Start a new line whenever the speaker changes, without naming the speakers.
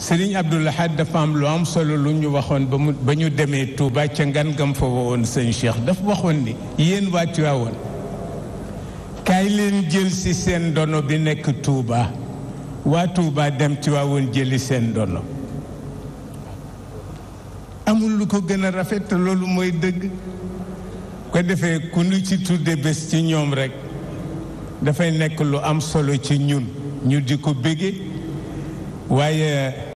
Sëriñ Abdou Lahad dafa am lu am solo lu ñu waxoon ba ñu demee Touba ca ngan gam fa woon sëñ Cheikh daf waxoon ni yéen waa Tiwaawoon kaay leen jël si seen dono bi nekk tuuba waa tuuba dem Tiwaawoon jëli seen dono amul lu ko gën a rafet loolu mooy dëgg ko defee ku nu ci tudde bés ci ñoom rekk dafay nekk lu am solo ci ñun ñu di ko bége
waaye